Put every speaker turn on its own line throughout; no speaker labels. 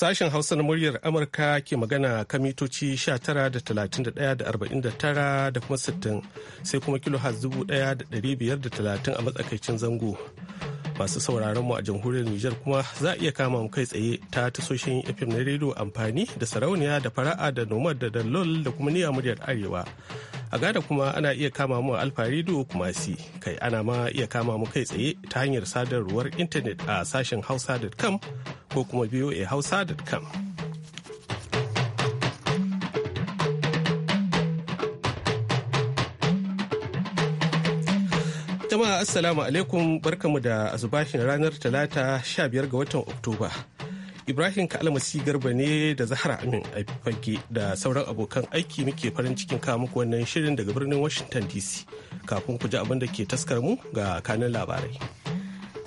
Sashen Hausa na muryar Amurka ke magana kan mitoci 19.31.49 da kuma 60 sai kuma kilo 1530 a matsakaicin zango. masu sauraron mu a jamhuriyar Nijar kuma za a iya kama mu kai tsaye ta tasoshin FM na rediyo amfani da sarauniya da fara'a da nomad da dalol da kuma niya muryar arewa. A gada kuma ana iya kama mu alfa rediyo kuma si kai ana ma iya kama mu kai tsaye ta hanyar sadarwar intanet a sashen hausa.com ko kuma voahausa.com. hausa.com. Jama'a Assalamu alaikum barkamu da azubashin ranar Talata 15 ga watan Oktoba. Ibrahim Kalmasi Garba ne da Zahra Amin Fage da sauran abokan aiki muke farin cikin kawo muku wannan shirin daga birnin Washington DC. Kafin ku ji abin da ke taskar mu ga kanin labarai.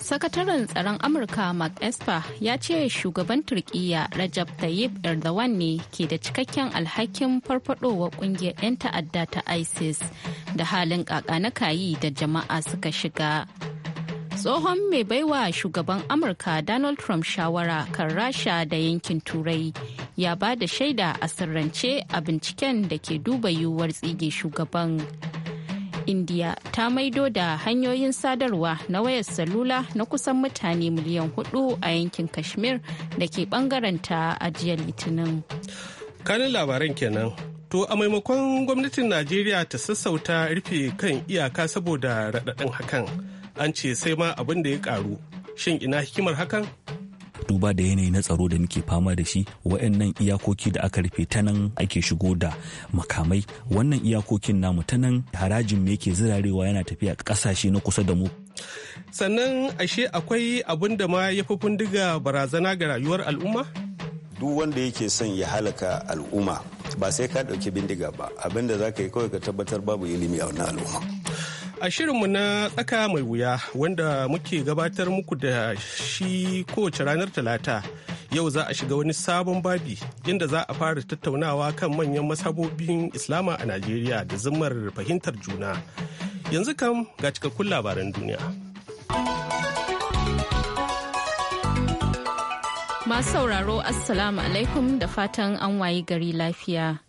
Sakataren tsaron Amurka Mark Esper ya ce shugaban Turkiyya Rajab Tayyip Erdogan ne ke da cikakken alhakin farfadowa kungiyar 'yan ta'adda ta ISIS. da halin kaka na kayi da jama'a suka shiga tsohon mai baiwa shugaban amurka donald trump shawara kan rasha da yankin turai ya ba da shaida a sirrance a binciken da ke duba yiwuwar tsige shugaban india ta maido da hanyoyin sadarwa na wayar salula na kusan mutane miliyan hudu a yankin kashmir da ke bangaren ta ajiyar litinin
kanin labaran kenan To a maimakon gwamnatin Najeriya ta sassauta rufe kan iyaka saboda raɗaɗin hakan, an ce sai ma abin da ya ƙaru. Shin ina hikimar hakan?
duba da yanayi na tsaro da muke fama da shi waɗannan iyakoki da aka rufe ta nan ake shigo da makamai wannan iyakokin namu ta nan harajin me yake zirarewa yana tafiya ƙasashe na kusa da mu
sannan ashe akwai abin da ma ya fi bindiga barazana ga rayuwar al'umma
duk wanda yake son ya halaka al'umma ba sai ka ɗauki bindiga ba abinda za ka yi kawai ka tabbatar babu ilimi a wannan al'umma
a shirinmu na tsaka mai wuya wanda muke gabatar muku da shi kowace ranar talata yau za a shiga wani sabon babi inda za a fara tattaunawa kan manyan masabobin islama a najeriya da zumar fahimtar juna yanzu kam ga cikakkun labaran duniya.
Masu sauraro Assalamu alaikum da fatan an wayi gari lafiya.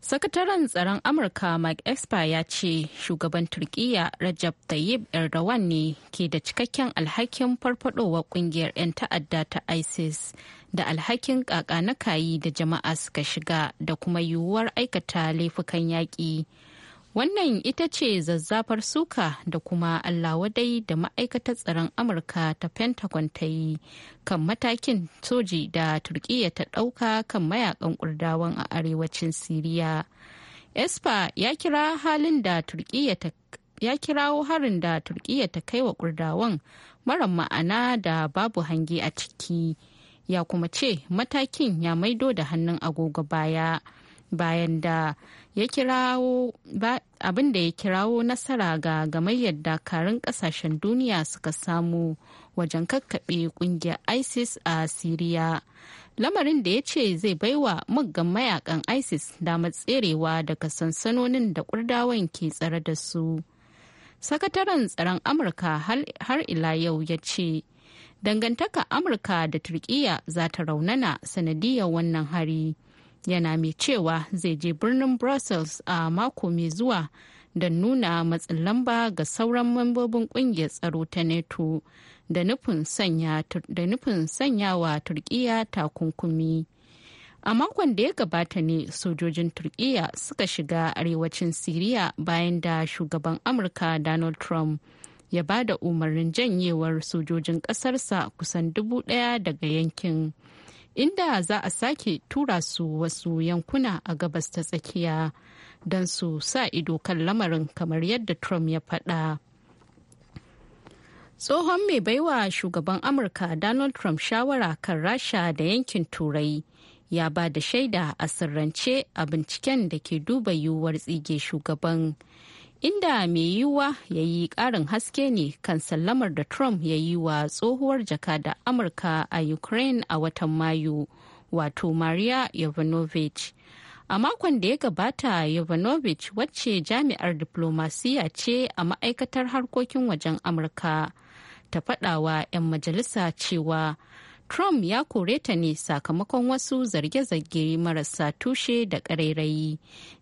Sakataren tsaron Amurka Mike Expa ya ce shugaban Turkiyya Rajab Tayyip Erdogan ne ke da cikakken alhakin farfadowa kungiyar 'yan ta'adda ta ISIS da alhakin kaka na kayi da jama'a suka shiga da kuma yiwuwar aikata laifukan yaƙi. Wannan ita ce zazzafar suka da kuma Allah wadai da ma'aikatar tsaron Amurka ta Pentagon ta yi kan matakin soji da Turkiyya ta ɗauka kan mayakan kurdawan a arewacin Siriya. Espa ya kira halin da Turkiyya ta ya kirawo harin da Turkiyya ta kai wa kurdawan mara ma'ana da babu hangi a ciki. Ya kuma ce matakin ya maido da hannun agogo baya. bayan da ya kirawo abin da ya kirawo nasara ga gamayyar dakarun kasashen duniya suka samu wajen kakkaɓe kungiyar isis a siriya lamarin da ya ce zai baiwa muggan mayakan isis damar tserewa daga sansanonin da kurdawan ke tsare da su sakataren tsaron amurka har ila yau ya ce dangantaka amurka da turkiya za ta raunana sanadiyar wannan hari yana mai cewa zai je birnin brussels a mako mai zuwa don nuna matsin lamba ga sauran mambobin kungiyar tsaro ta neto da nufin sanya wa turkiya takunkumi a makon da ya gabata ne sojojin turkiya suka shiga arewacin siriya bayan da shugaban amurka donald trump ya ba da umarnin janyewar sojojin kasarsa kusan dubu ɗaya daga yankin inda za a sake tura su wasu yankuna a gabas ta tsakiya don su sa ido kan lamarin kamar yadda Trump ya faɗa. Tsohon mai baiwa shugaban Amurka Donald Trump shawara kan Rasha da yankin Turai ya ba da shaida a sirrance a binciken da ke duba yiwuwar tsige shugaban. inda mai yiwuwa ya yi ƙarin haske ne kan sallamar da Trump ya yi wa tsohuwar jaka da Amurka a Ukraine a watan Mayu, wato Maria Yovanovich. A makon da ya gabata Yovanovich wacce jami'ar diplomasiya ce a ma'aikatar harkokin wajen Amurka ta faɗawa 'yan majalisa cewa Trump ya kore ta ne sakamakon wasu zarge-zarge marasa tushe da ƙarairayi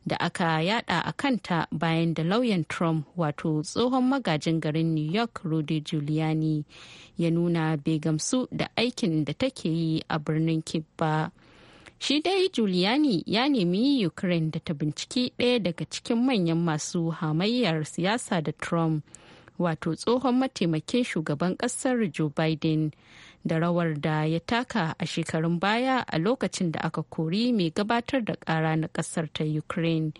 da aka yada a kanta bayan da lauyan Trump wato tsohon magajin garin New York Rudy Giuliani ya nuna bai gamsu da aikin da take yi a birnin Kibba. Shi dai Giuliani ya nemi Ukraine da ta binciki ɗaya daga cikin manyan masu hamayyar siyasa da Trump wato tsohon mataimakin shugaban ƙasar Joe Biden. da rawar da ya taka a shekarun baya a lokacin da aka kori mai gabatar da ƙara na ƙasar ta ukraine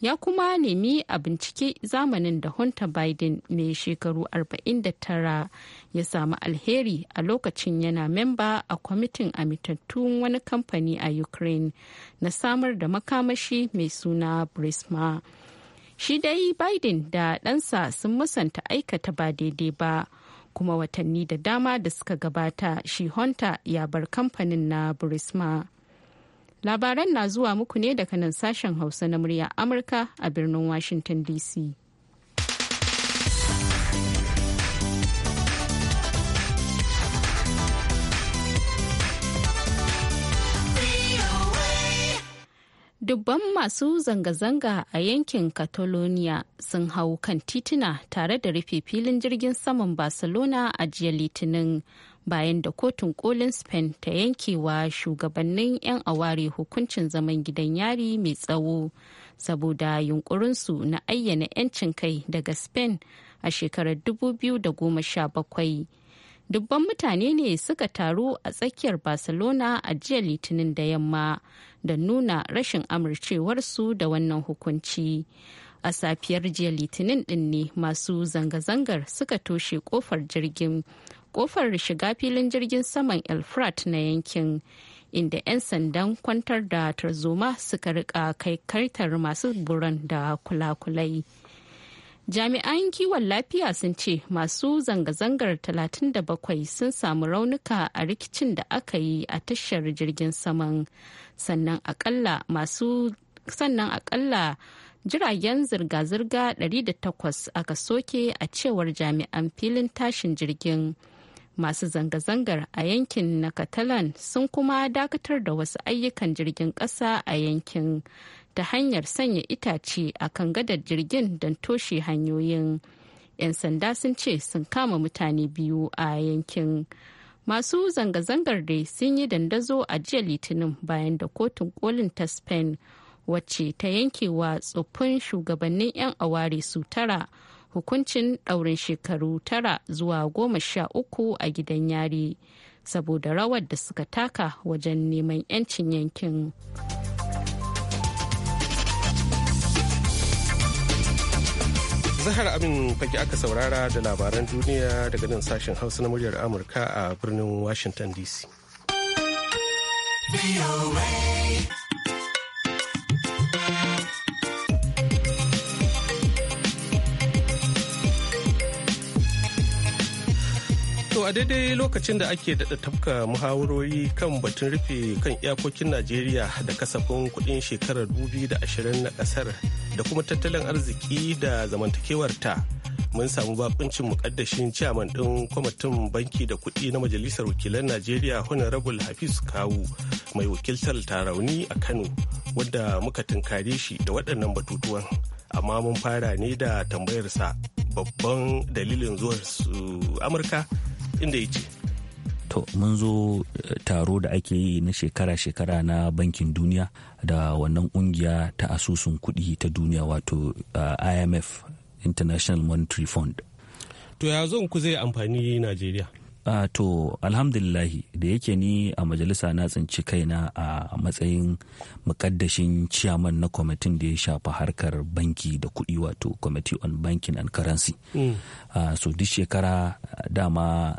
ya kuma nemi a bincike zamanin da hunter biden mai shekaru 49 ya samu alheri a lokacin yana memba a kwamitin amintattun wani kamfani a ukraine na samar da makamashi mai suna brisma shi dai biden da ɗansa sun musanta aikata ba daidai ba kuma watanni da dama da suka gabata shi honta ya bar kamfanin na burisma labaran na zuwa muku ne daga nan sashen hausa na murya amurka a birnin washington dc dubban masu zanga-zanga a yankin catalonia sun hau kan tituna tare da rufe filin jirgin saman barcelona a jiya litinin bayan da kotun kolin spain ta yankewa shugabannin 'yan aware hukuncin zaman gidan yari mai tsawo saboda yunkurinsu na ayyana 'yancin kai daga spain a shekarar 2017 dubban mutane ne suka taru a tsakiyar barcelona a jiya litinin da yamma da nuna rashin amurcewarsu da wannan hukunci a safiyar jiya litinin din ne masu zanga-zangar suka toshe kofar jirgin kofar shiga filin jirgin saman elfrat na yankin inda 'yan sandan kwantar da tarzoma suka rika kai kartar masu buran da kulakulai. jami'an kiwon lafiya sun ce masu zanga-zangar 37 sun samu raunuka a rikicin da aka yi a tashar jirgin saman sannan akalla jiragen zirga-zirga 108 aka soke a cewar jami'an filin tashin jirgin masu zanga-zangar a yankin na catalan sun kuma dakatar da wasu ayyukan jirgin ƙasa a yankin ta hanyar sanya itace a kan gadar jirgin don toshe hanyoyin 'yan sanda sun ce sun kama mutane biyu a yankin masu zanga-zangar dai sun yi dandazo a jiya litinin bayan da kotun kolin ta spain wacce ta yanke wa tsoffin shugabannin 'yan aware su tara hukuncin ɗaurin shekaru tara zuwa goma sha uku a gidan yari saboda rawar da suka taka wajen neman 'yancin yankin.
Zahar Amin fage aka saurara da labaran duniya daga nan sashen Hausa na muryar Amurka a birnin Washington DC. a daidai lokacin da ake daɗa tafka muhawarori kan batun rufe kan iyakokin Najeriya da kasafin kuɗin shekarar ashirin na kasar da kuma tattalin arziki da zamantakewarta. Mun samu bakuncin mukaddashin ciyaman ɗin kwamitin banki da kuɗi na Majalisar Wakilan Najeriya Honorable Hafiz Kawu mai wakiltar tarauni a Kano wadda muka tunkare shi da waɗannan batutuwan. Amma mun fara ne da tambayarsa babban dalilin zuwa su Amurka inda ya ce
to mun zo eh, taro da ake yi na shekara-shekara na bankin duniya da wannan kungiya ta asusun kuɗi ta duniya wato eh, imf international monetary fund
to ya zo ku zai
amfani najeriya Uh, to alhamdulillahi da yake ni a majalisa na tsinci kaina a uh, matsayin mukaddashin ciyaman na kwamitin da ya shafa harkar banki da kuɗi wato committee on banking and currency mm. uh, so duk shekara dama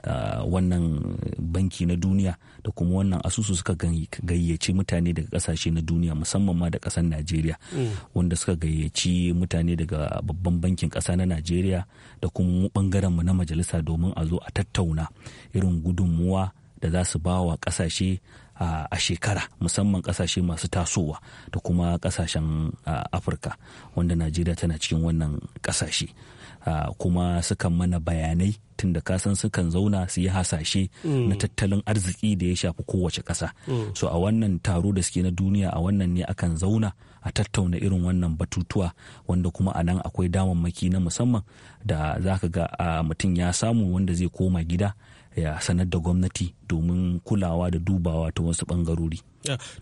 wannan banki na duniya da kuma wannan asusu suka gayyaci mutane daga kasashe na duniya musamman ma da ƙasar najeriya mm. wanda suka gayyaci mutane daga babban bankin ƙasa na najeriya da kuma mu na majalisa domin a zo a tattauna. irin gudunmuwa da za su ba wa ƙasashe a shekara musamman ƙasashe masu tasowa da kuma ƙasashen afirka wanda najeriya tana cikin wannan ƙasashe kuma sukan mana bayanai tun da kasan sukan zauna su yi hasashe mm. na tattalin arziki da ya shafi kowace ƙasa mm. so a wannan taro da suke na duniya a wannan ne akan zauna a tattauna irin wannan batutuwa wanda kuma a nan akwai damammaki na musamman da za ka ga mutum ya samu wanda zai koma gida ya sanar da gwamnati domin kulawa da dubawa ta wasu bangarori.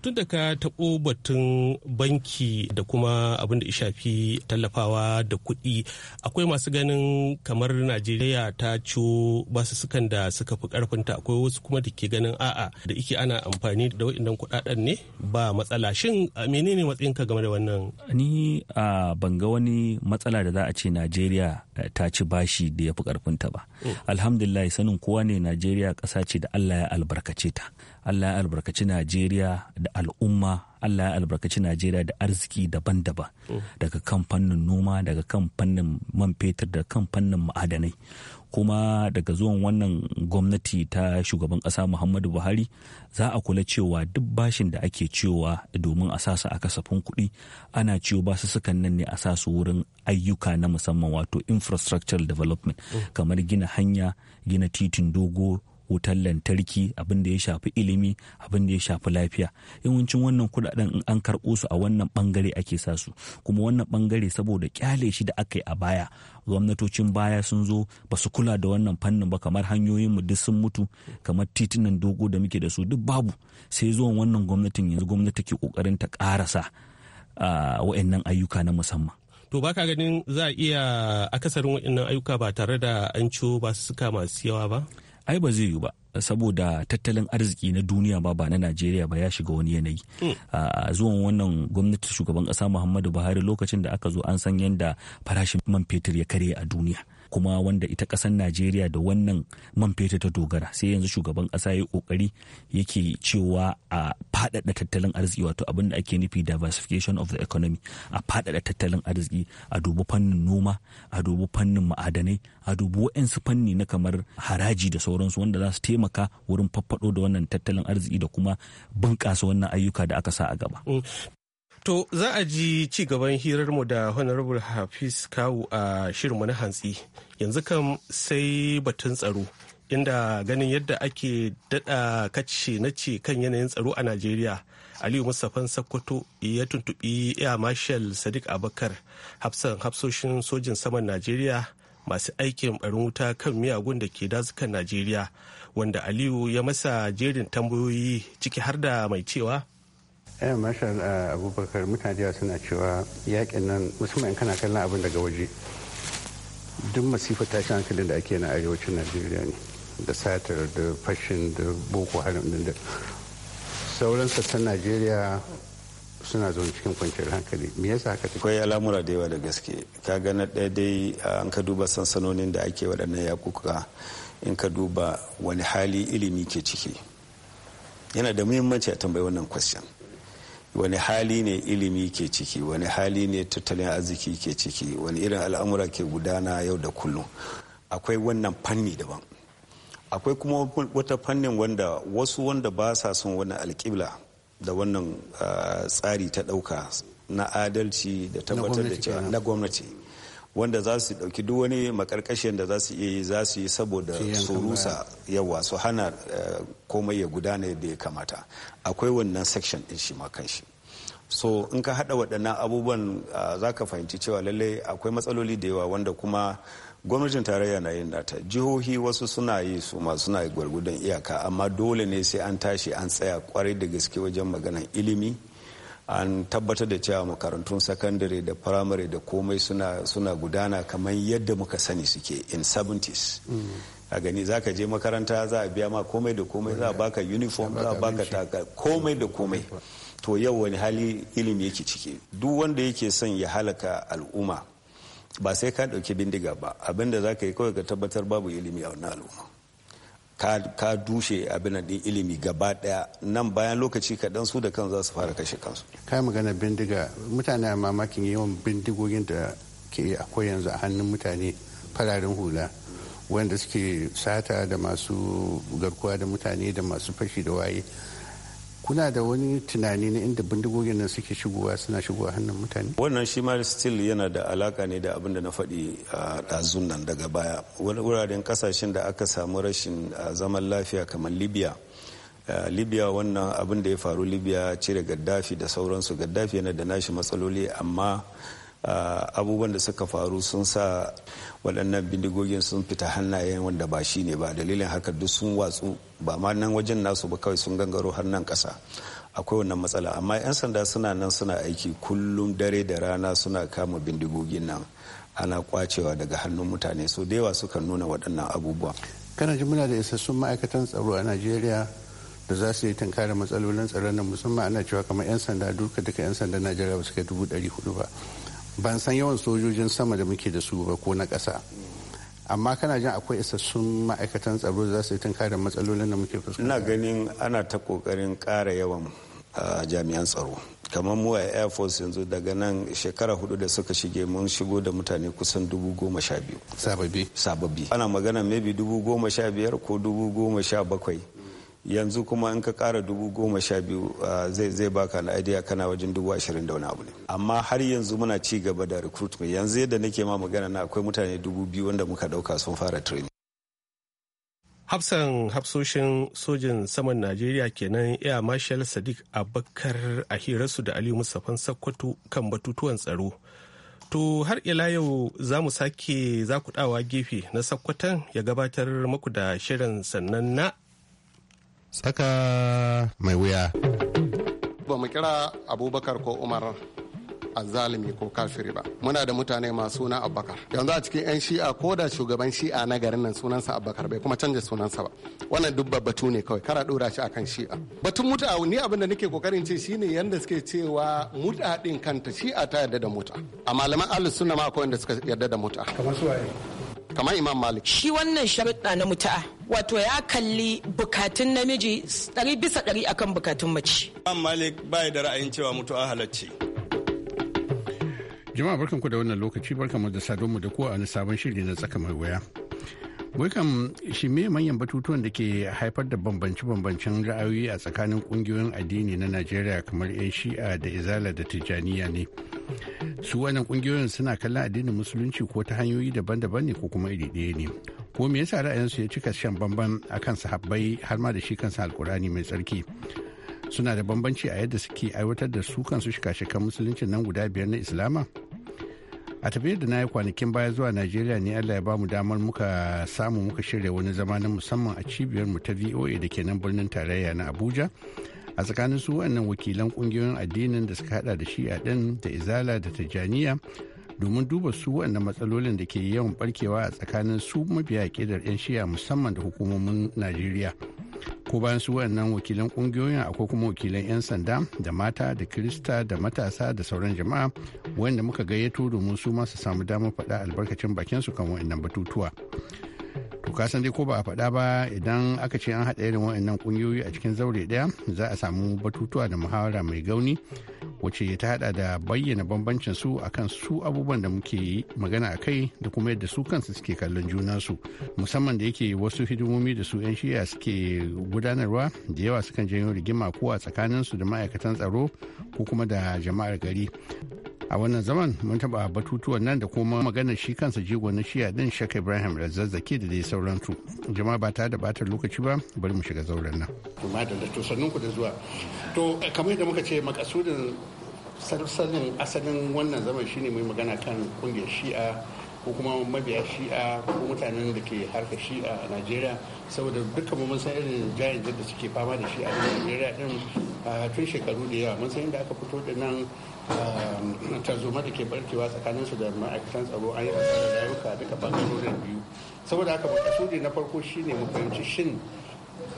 tun da ka taɓo batun banki da kuma abin da shafi tallafawa da kuɗi akwai masu ganin kamar najeriya ta ciwo sukan da suka fi karfinta akwai wasu kuma da ke ganin a'a da ike ana amfani da waɗannan kuɗaɗen ne ba matsala shin menene ka game da wannan ni a
ban ga wani matsala da za a ce najeriya eh, ta ci bashi da ya fi karfinta ba mm. alhamdulillah sanin kowa ne najeriya ƙasa ce da allah Allah ya albarkace ta Allah ya albarkaci Najeriya da al'umma Allah ya albarkaci Najeriya da arziki daban-daban daga kan fannin noma daga kan fannin man fetur da kan fannin ma'adanai kuma daga zuwan wannan gwamnati ta shugaban ƙasa Muhammadu Buhari za a kula cewa duk bashin da ake cewa domin a sasu a kasafin kuɗi ana ciwo sukan nan ne a sasu wurin ayyuka na musamman wato infrastructural development kamar gina hanya gina titin dogo wutar lantarki abin da ya shafi ilimi abin da ya shafi lafiya yawancin wannan kudaden in an karɓo su a wannan bangare ake sa su kuma wannan bangare saboda kyale shi da aka yi a baya gwamnatocin baya sun zo ba su kula da wannan fannin ba kamar hanyoyin mu duk sun mutu kamar titunan dogo da muke da su duk babu sai zuwan wannan gwamnatin yanzu gwamnati ke kokarin ta karasa wa'annan ayyuka na musamman
to ba ka ganin za a iya akasarin waɗannan ayyuka ba tare da an ciwo ba su suka masu yawa ba
ai ba zai yiwu ba saboda tattalin arziki na duniya ba ba na najeriya ba ya shiga wani yanayi hmm. a zuwan wannan gwamnati shugaban kasa muhammadu buhari lokacin da aka zo an san yadda farashin man fetur ya karye a duniya kuma wanda ita kasar najeriya da wannan man fetur ta dogara sai yanzu shugaban kasa ya kokari yake cewa a faɗaɗa tattalin arziki wato abin da ake nufi diversification of the economy a faɗaɗa tattalin arziki a dubi fannin noma a dubi fannin ma'adanai a dubi wa'yansu fanni na kamar haraji da sauransu wanda za su taimaka wurin faffaɗo da wannan tattalin arziki da kuma bunƙasa wannan ayyuka da aka sa a gaba.
To za a ji ci gaban hirarmu da Honorable Hafiz Kawu a shirinmu na hantsi. Yanzu kam sai batun tsaro. Inda ganin yadda ake daɗa kace na ce kan yanayin tsaro a Najeriya. Aliyu Mustapha Sokoto ya tuntubi Air Marshal Sadiq Abakar hafsan hafsoshin sojin saman Najeriya masu aikin barin wuta kan miyagun da ke dazukan Najeriya wanda Aliyu ya masa jerin tambayoyi ciki har da mai cewa
yan eh, mashal eh, abubakar mutane suna cewa yakin nan musamman kana kallon abin daga waje duk masifa tashin hankalin da ake na arewacin najeriya ne da satar da fashin da boko harin din da sauran sassan najeriya suna zuwa cikin kwanciyar hankali me yasa haka take akwai al'amura da
yawa da gaske ka ga na ɗaya dai an ka duba sansanonin da ake waɗannan yakuka in ka duba wani hali ilimi ke ciki yana da muhimmanci a tambayi wannan question wani hali ne ilimi ke ciki wani hali ne tattalin arziki ke ciki wani irin al'amura ke gudana yau da kullum akwai wannan fanni daban akwai kuma wata fannin wanda wasu wanda ba sa son wannan alƙibla da wannan ah, tsari ta ɗauka na adalci da tabbatar da cewa na gwamnati wanda za su dauki duk wani makarkashin da za su iya yi za su yi saboda su rusa yawa hana eh, komai ya gudana da ya kamata akwai wannan section din shi ma kanshi so in ka hada waɗannan abubuwan ah, za ka fahimci cewa lallai akwai matsaloli da yawa wanda kuma gwamnatin tarayya na yin nata jihohi wasu suna yi su ma suna gwargudan iyaka amma dole ne sai an tashi an tsaya kwarai da gaske wajen maganan ilimi an tabbatar da cewa makarantun sakandare da firamare da komai suna, suna gudana kamar yadda muka sani suke in 70s a gani za ka je makaranta za a biya ma komai da komai za a baka uniform za a baka taka komai da komai to yau wani hali ilimi yake ciki duk wanda yake son ya halaka al'umma ba sai ka ɗauki bindiga ba abinda za ka yi kawai ka tabbatar babu ilimi a wannan al'umma ka dushe abin din ilimi gaba daya nan bayan lokaci kaɗan su da kan za su fara kashe kansu
kai magana bindiga mutane a mamakin yawan bindigogin da ke akwai yanzu a hannun mutane fararen hula wanda suke sata da masu garkuwa da mutane da masu fashi da waye kuna da wani tunani na inda bindigogin nan suke shigowa suna shigowa hannun mutane
wannan shi ma still yana da alaka ne da abin da na faɗi a ɗazun nan daga baya wuraren kasashen da aka samu rashin zaman lafiya kamar libya libya wannan abin da ya faru libya cire gaddafi da sauransu gaddafi yana da nashi matsaloli amma Ah, abubuwan da suka faru sun sa waɗannan bindigogin sun fita hannayen wanda ba shi ne ba dalilin haka duk sun watsu ba ma nan wajen nasu ba kawai sun gangaro hannun ƙasa akwai wannan matsala amma 'yan sanda suna nan suna aiki kullum dare da rana suna kama
bindigogin nan ana kwacewa daga hannun mutane so da yawa suka nuna waɗannan abubuwa kana ji muna da isassun ma'aikatan tsaro a najeriya da za su yi tunkarar matsalolin tsaron nan musamman ana cewa kamar 'yan sanda duka duka 'yan sanda najeriya ba su kai dubu ɗari hudu ba ban san yawan sojojin sama da muke da su ba ko na ƙasa amma kana jin akwai isassun ma'aikatan tsaro da za su yi da matsalolin da muke fuskanta ina
ganin ana ta kokarin kara yawan jami'an tsaro kamar mu a air force yanzu daga nan shekara hudu da suka shige mun shigo da mutane kusan dubu goma sha biyu sababi ana magana maybe dubu goma sha biyar ko dubu goma sha bakwai yanzu kuma in ka kara dubu goma sha biyu ah, zai baka na idea kana wajen dubu ashirin da wani abu ne amma har yanzu muna ci gaba da recruitment yanzu yadda nake ma magana na akwai mutane dubu biyu wanda muka dauka sun fara training
hafsan hafsoshin sojin saman najeriya kenan iya marshal sadiq bakar a hirarsu da aliyu musafan sakkwato kan batutuwan tsaro to har ila yau za mu sake zakudawa gefe na sakkwatan ya gabatar maku da shirin sannan na tsaka mai wuya.
Ba mu kira Abubakar ko Umar azzalumi ko kafiri ba muna da mutane masu suna Abubakar. yanzu a cikin yan shi'a ko da shugaban shi'a na garin nan sunansa Abubakar bai kuma canza sunansa ba wannan duk batu ne kawai kara dora shi akan shi'a batun muta ni abin da nake kokarin ce shine yanda suke cewa muta din kanta shi'a ta yarda da muta a malaman ahlus sunna ma akwai wanda suka yarda da muta kamar su kamar imam malik shi wannan sharuɗa na mutu'a wato ya kalli bukatun namiji ɗari bisa ɗari akan bukatun mace
imam malik baya da ra'ayin cewa mutu'a halacci
jama'a barkanku da wannan lokaci barkanmu da sadonmu da kowa a sabon shiri na tsaka mai waya wai kam shi me manyan batutuwan da ke haifar da bambance-bambancen ra'ayoyi a tsakanin kungiyoyin addini na najeriya kamar yan shi'a da izala da tijjaniya ne su wannan kungiyoyin suna kallon addinin musulunci ko ta hanyoyi daban-daban ne ko kuma iri ɗaya ne ko me yasa ra'ayinsu ya cika shan bamban akan sahabbai har ma da shi kansa alkurani mai tsarki suna da bambanci a yadda suke aiwatar da su kansu shika-shikan musulunci nan guda biyar na islama a tafiyar da na yi kwanakin baya zuwa najeriya ne allah ya ba mu damar muka samu muka shirya wani zama na musamman a cibiyar mu ta voa da ke nan birnin tarayya na abuja a tsakanin su wannan wakilan kungiyoyin addinin da suka hada da a din da izala da tijaniya domin duba su wannan matsalolin da ke yawan barkewa a tsakanin su mabiya ƙidar 'yan shi'a musamman da hukumomin najeriya ko bayan su wayannan wakilan kungiyoyin akwai kuma wakilan 'yan sanda da mata da kirista da matasa da sauran jama'a wanda muka gayyato domin su masu samu damar faɗa albarkacin bakin su kan wayannan batutuwa to ka san dai ko ba a faɗa ba idan aka ce an haɗa irin wayannan kungiyoyi a cikin zaure ɗaya za a samu batutuwa da muhawara mai gauni wacce ta hada da bayyana bambancin su akan su abubuwan da muke magana a kai da kuma yadda su kansu suke kallon juna su musamman da yake wasu hidimomi da su 'yan shiya suke gudanarwa da yawa sukan janyo rigima ko a tsakanin su da ma'aikatan tsaro ko kuma da jama'ar gari a wannan zaman mun taba batutuwan nan da kuma magana shi kansa jigo na shiya din shaka ibrahim da zazzaki da dai su jama'a ba ta da batar lokaci ba bari mu shiga zauren nan da to sannun ku da zuwa to eh, kamar yadda muka ce makasudin sarsanin asalin wannan zaman shine mai magana kan kungiyar shi'a ko kuma mabiya shi'a ko mutanen da ke harka shi'a a najeriya saboda duka mun san irin jayin da suke fama da shi'a a najeriya din tun shekaru da yawa mun san inda aka fito da nan tarzoma da ke barkewa tsakanin su da ma'aikatan tsaro an yi asarar rayuka duka bangarorin biyu saboda haka makasudi na farko shine mu fahimci shin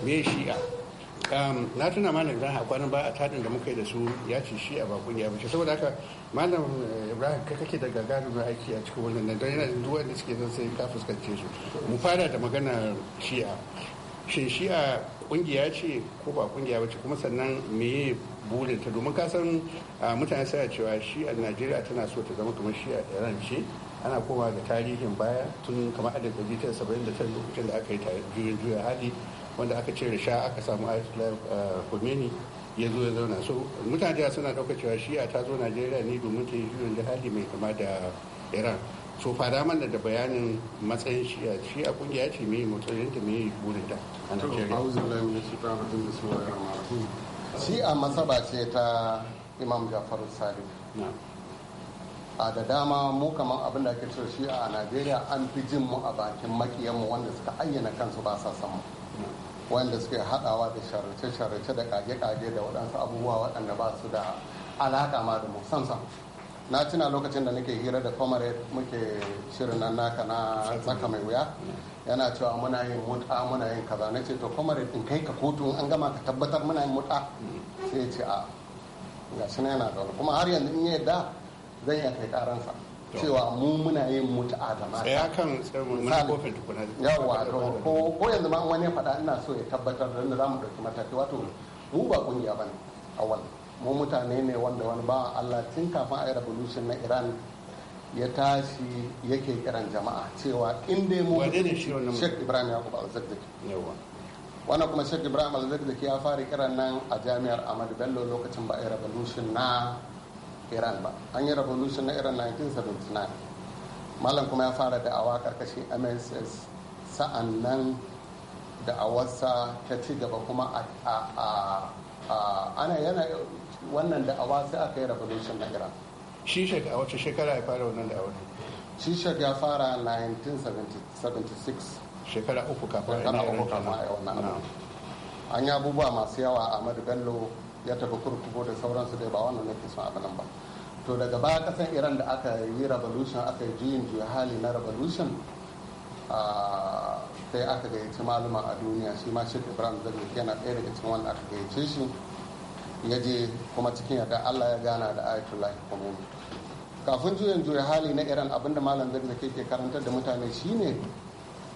me shi'a Um, na tuna malam ibrahim a kwanan ba a tadin da muka yi da su ya ci shi a bakun ya bace saboda haka malam eh, ibrahim kai kake da gagarumin aiki a cikin wannan nan don yana da wanda suke son sai ka fuskance su mu fara da magana shi'a shin shi'a kungiya ce ko ba kungiya bace kuma sannan meye burin ta domin kasan ah, mutane suna cewa shi'a najeriya tana so ta zama kamar shi'a iran ce ana koma da tarihin baya tun kamar adadin da lokacin da aka yi juyin juya hali wanda aka cire sha aka samu ayatollah eh, khomeini ya zo ya zauna so mutane da suna ɗauka cewa shi'a ta zo najeriya ne domin ta yi juyin hali mai kama da iran so fada mana da bayanin matsayin shi'a shi'a kungiya ce mai matsayin ta mai burinta a najeriya shi'a masaba
ce ta imam jafar sadiq a da dama mu kamar abin da ake cewa shi'a a najeriya an fi jin mu a bakin makiyanmu wanda suka ayyana kansu ba sa samu mu wanda suke haɗawa da sharace-sharace da kage-kage da waɗansu abubuwa waɗanda ba su da alaƙa ma da musamman na cina lokacin da nake hira da comrade muke shirin nan naka na tsaka mai wuya yana cewa muna yin mut'a muna yin kaza na ce to comrade in kai ka kotu an gama ka tabbatar muna yin mut'a sai ya ce a ga shi yana zaune kuma har yanzu in ya yadda zan iya kai karansa cewa mu muna yin mutu'a da eh, mata ya kan muna kofin tukuna yawa ko yanzu ma wani ya faɗa ina so ya tabbatar da za mu dauki mataki wato mu ba kungiya A awal mu mutane ne wanda wani ba Allah tun kafin a yi revolution na Iran ya tashi yake kiran jama'a cewa in dai mu Sheikh Ibrahim Al-Zakzaki wannan kuma Sheikh Ibrahim Al-Zakzaki ya fara kiran nan a jami'ar Ahmadu Bello lokacin ba a yi revolution na iran ba an yi revolution na iran 1979 malam kuma ya fara da'awa karkashin mss sa'an nan awarsa ta ci gaba kuma ana yana wannan da'awa sai aka yi revolution na iran shishak a wace shekara ya fara wannan awar shishak ya fara 1976 shekara uku kafin a yi wannan abu an yi abubuwa masu yawa a madu bello ya tafi kurkuku da sauransu dai ba wannan nake son abin ba to daga baya kasan iran da aka yi revolution aka yi juyin juya hali na revolution sai aka gayyaci maluma a duniya shi ma shi ibrahim zabi yana ɗaya daga cikin wanda aka gayyace shi ya je kuma cikin yadda allah ya gana da ayatollah khomeini kafin juyin juya hali na iran abinda malam zabi ke karantar da mutane shine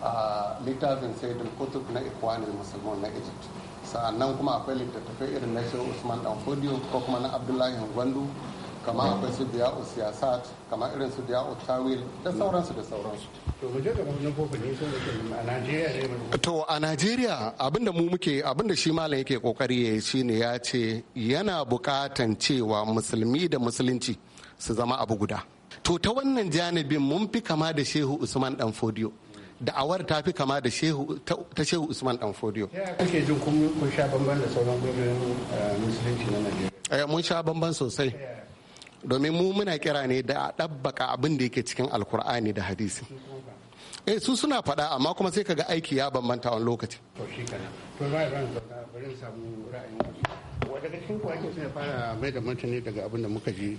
a littafin sayyidul kutub na ikwani musulman na egypt sa'annan kuma akwai littattafai irin na shehu usman dan fodiyo ko kuma na abdullahi gwandu kama akwai su diya'u siyasat kama irin su diya'u tawil da sauransu da sauransu to a najeriya abinda mu muke abinda shi malam yake kokari ya yi shine ya ce yana bukatan cewa musulmi da musulunci su zama abu guda to ta wannan janibin mun fi kama da shehu usman dan fodiyo da'awar ta fi kama da ta shehu usman dan fodiyo
kake jin kun sha bamban da sauran kungiyoyin eh, musulunci na najeriya
eh, mun sha bamban sosai domin mu muna kira ne da dabbaka abin da yake cikin alkur'ani da hadisi eh su suna faɗa amma kuma sai kaga aiki ya bambanta
wani lokaci to shi kana to ba ran bari samu ra'ayin daga cikin ku ake fara daga abin da muka ji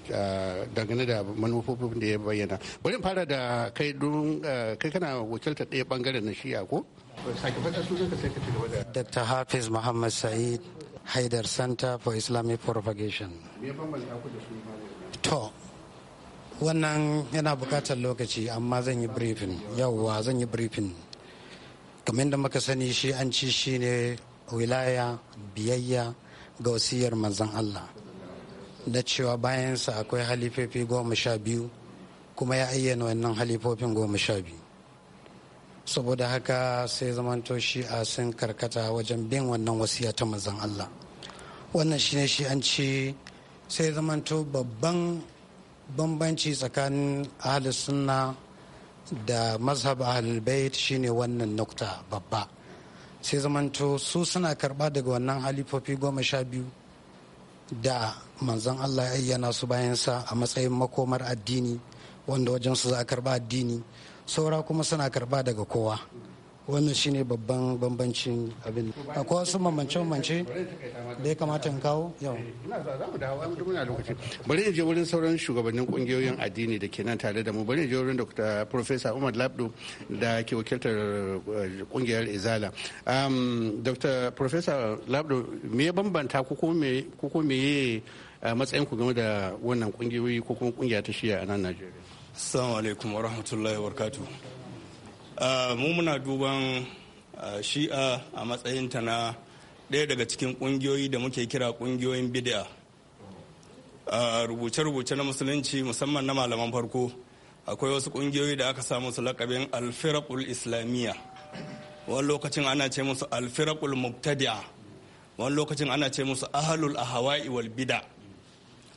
dangane da manufofin da ya bayyana bari fara da kai don kai kana wakiltar ɗaya bangaren na shi'a ko
Dr. Hafiz Muhammad Sa'id Haidar Center for Islamic Propagation. To, wannan yana bukatar lokaci amma zan yi briefing yauwa zan yi briefing kamar da muka sani shi an ci shi ne wilaya biyayya ga wasiyar manzan Allah da cewa bayansa akwai halifofi goma sha biyu kuma ya ayyana wannan halifofin goma sha biyu saboda haka sai zamanto shi'a sun karkata wajen bin wannan wasiya ta manzan Allah wannan shine shi an ce sai zamanto babban bambanci tsakanin ahalus sunna da mazhab ahalul bait shine wannan nukta babba sai zamanto su suna karba daga wannan halifofi goma sha biyu da manzon allah ya ayyana su bayan sa a matsayin makomar addini wanda wajensu za a karba addini saura kuma suna karba daga kowa wannan shine babban bambancin abin akwai wasu mamance-mamance
da ya kamata in kawo yau bari ya je wurin sauran shugabannin kungiyoyin addini da ke nan tare da mu bari ya je wurin dr professor umar labdo da ke wakiltar kungiyar eh, izala um, dr professor labdo me ya bambanta ko ko me eh, matsayin ku game da wannan kungiyoyi ko kuma kungiya ta shiya a nan najeriya assalamu alaikum wa rahmatullahi wa Uh, mu muna duban uh,
shi'a a matsayinta na ɗaya daga cikin ƙungiyoyi da muke kira ƙungiyoyin bid'a uh, rubuce-rubuce na musulunci musamman na malaman farko akwai wasu ƙungiyoyi da aka samu su lakabin alfirakul islamiyya wani lokacin ana ce musu alfirakul mubtadi'a wani lokacin ana ce musu ahalul ahawa'i wal bida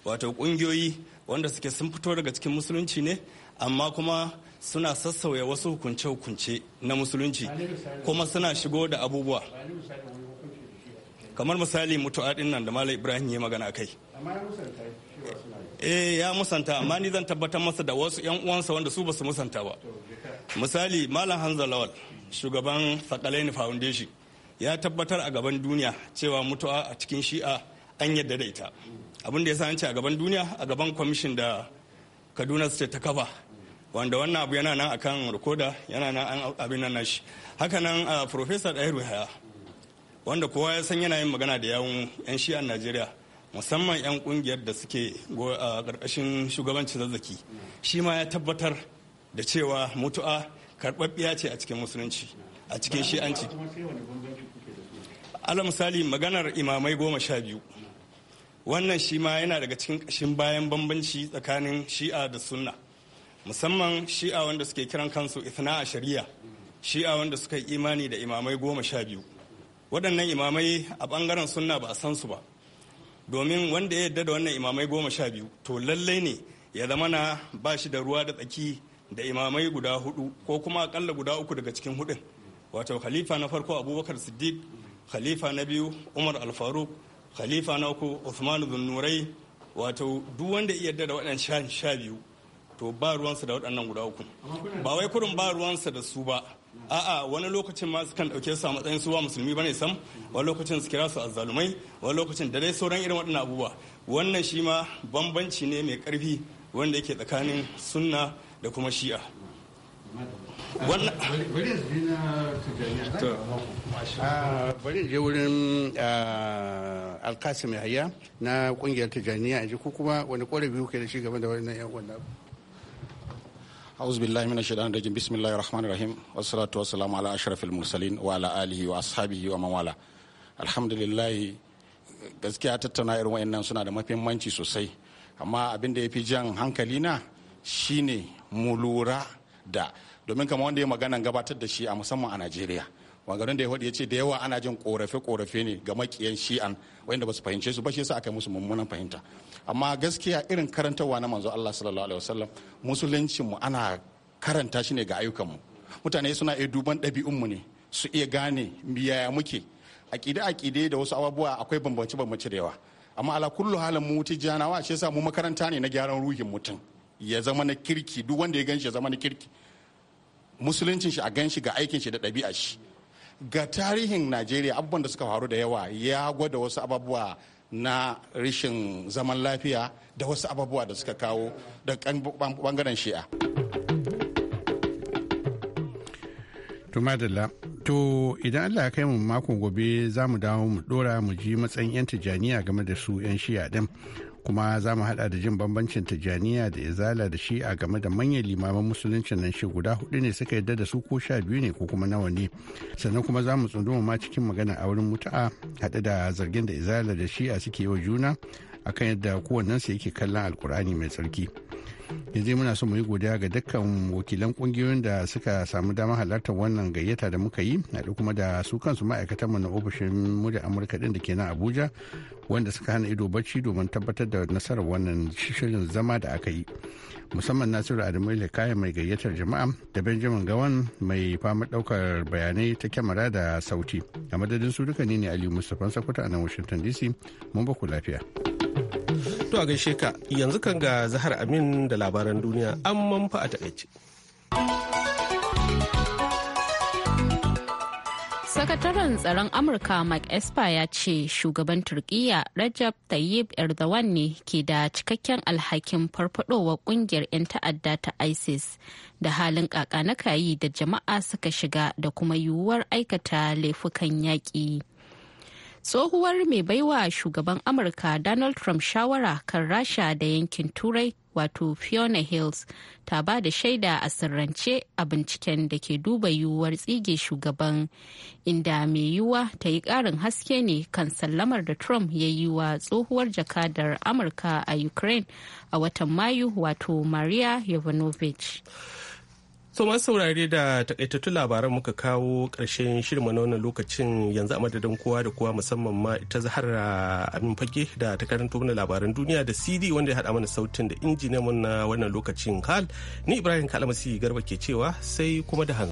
wato ƙungiyoyi wanda suke sun fito daga cikin musulunci ne amma kuma suna sassauya wasu hukunce-hukunce na musulunci kuma suna shigo da abubuwa kamar misali mutu'adin nan da malam ibrahim ya magana kai eh ya musanta amma ni zan tabbatar masa da wasu yan uwansa wanda su basu musanta ba misali malam hanzar lawal shugaban fakalaini foundation ya tabbatar a gaban duniya cewa mutuwa a cikin shi'a an yadda da ita abin da ya sa an ce a gaban duniya a gaban kwamishin da kaduna state ta kafa wanda wannan abu yana nan akan rikoda yana nan an abin nan nashi haka nan ah, professor ɗaya ruhaya wanda kowa ya san yana yin magana da yawun 'yan shi'an najeriya musamman 'yan kungiyar da suke a ah, ƙarƙashin shugabancin zazzaki shi ma ya tabbatar da cewa mutu'a karɓaɓɓiya ce a cikin musulunci a cikin shi'anci ala misali maganar imamai goma sha biyu wannan shi ma yana daga cikin kashin bayan bambanci tsakanin shi'a da sunna musamman shi'a wanda suke kiran kansu ithna a shari'a shi'a wanda suka yi imani da imamai goma sha biyu waɗannan imamai a ɓangaren sunna ba a san su ba domin wanda ya yarda da wannan imamai goma sha biyu to lallai ne ya zama na ba shi da ruwa da tsaki da imamai guda hudu ko kuma akalla guda uku daga cikin hudun wato khalifa na farko abubakar siddiq khalifa na biyu umar alfaruk khalifa na uku uthman bin nurai wato duk wanda ya yarda da waɗannan sha biyu to ba ruwansa da waɗannan guda uku ba wai kurin ba ruwansa da su ba a'a wani lokacin ma su kan ɗauke su a matsayin su ba musulmi bane sam wani lokacin su kira su azzalumai wani lokacin da dai sauran irin waɗannan abubuwa wannan shi ma bambanci ne mai ƙarfi wanda yake tsakanin sunna da
kuma shi'a bari je wurin ah, alkasim yahaya na kungiyar tijaniya a ji ko kuma wani ƙorafi kuke da shi game da wannan yan wannan
أعوذ بالله من الشيطان الرجيم بسم الله الرحمن الرحيم والصلاة والسلام على أشرف المرسلين وعلى آله وأصحابه ومن والاه الحمد لله gaskiya tattauna irin wayannan suna da mahimmanci sosai amma abin da ya fi jan hankali na shine mu lura da domin kama wanda ya maganan gabatar da shi a musamman a najeriya maganganun da ya faɗi ya ce da yawa ana jin korafe-korafe ne ga makiyan shi'an wanda ba su fahimce su ba shi yasa aka yi musu mummunan fahimta amma gaskiya irin karantarwa na manzo Allah sallallahu alaihi wasallam musuluncin mu ana karanta shi ne ga ayyukan mu mutane suna iya duban ɗabi'un mu ne su iya gane yaya muke aƙide aƙide da wasu abubuwa akwai bambance bambance da yawa amma ala kullu halin mu wa shi yasa mu makaranta ne na gyaran ruhin mutum ya zama na kirki duk wanda ya ganshi ya zama na kirki musuluncin shi a ganshi ga aikin shi da ɗabi'a shi ga tarihin najeriya abubuwan da suka faru da yawa ya gwada wasu ababuwa na rashin zaman lafiya da wasu ababuwa da suka kawo da bangaren shi'a.
tumadala to idan allah ya kai mu makon gobe za mu dawo mu dora mu ji matsayin 'yan tijjaniya game da su 'yan shi'a din kuma za mu hada da jin bambancin tijjaniya da izala da shi a game da manyan limaman musulunci nan shi guda hudu ne suka yadda da su ko sha biyu ne ko kuma nawa ne sannan kuma za mu tsunduma ma cikin magana a wurin mutu'a hade da zargin da izala da shi a suke yi wa juna akan yadda kowannensu yake kallon alkur'ani mai tsarki yanzu muna son mu yi godiya ga dukkan wakilan kungiyoyin da suka samu damar halartar wannan gayyata da muka yi haɗu kuma da su kansu ma'aikatan mu na ofishin da amurka din da ke nan abuja wanda suka hana ido bacci domin tabbatar da nasarar wannan shirin zama da aka yi musamman nasiru adamu kayan mai gayyatar jama'a da benjamin gawan mai fama daukar bayanai ta kyamara da sauti a madadin su duka ne ne aliyu mustapha sakwata a nan washington dc mun ba ku lafiya.
To a gaishe ka yanzu kan ga Zahar Amin da labaran duniya an manfa a takaice.
Sakataren tsaron Amurka Mike Esper ya ce shugaban Turkiyya Rajab Tayyip Erdogan ne ke da cikakken alhakin farfadowa kungiyar 'yan ta'adda ta ISIS da halin kaka na kayi da jama'a suka shiga da kuma yiwuwar aikata laifukan yaƙi. tsohuwar mai baiwa shugaban amurka donald trump shawara kan rasha da yankin turai wato fiona hills ta ba da shaida a sirrance a binciken da ke duba yiwuwar tsige shugaban inda mai yiwuwa ta yi karin haske ne kan sallamar da trump ya yi wa tsohuwar jakadar amurka a ukraine a watan mayu wato maria yovanovich
So masu saurare da takaitattun labaran muka kawo ƙarshen shirin na wannan lokacin yanzu a madadin kowa da kowa musamman ma ita zahara amin fage da ta karanto mana labaran duniya da CD wanda ya haɗa mana sautin da injiniya na wannan lokacin hal ni Ibrahim Kalamasi Garba ke cewa sai kuma da hanzu.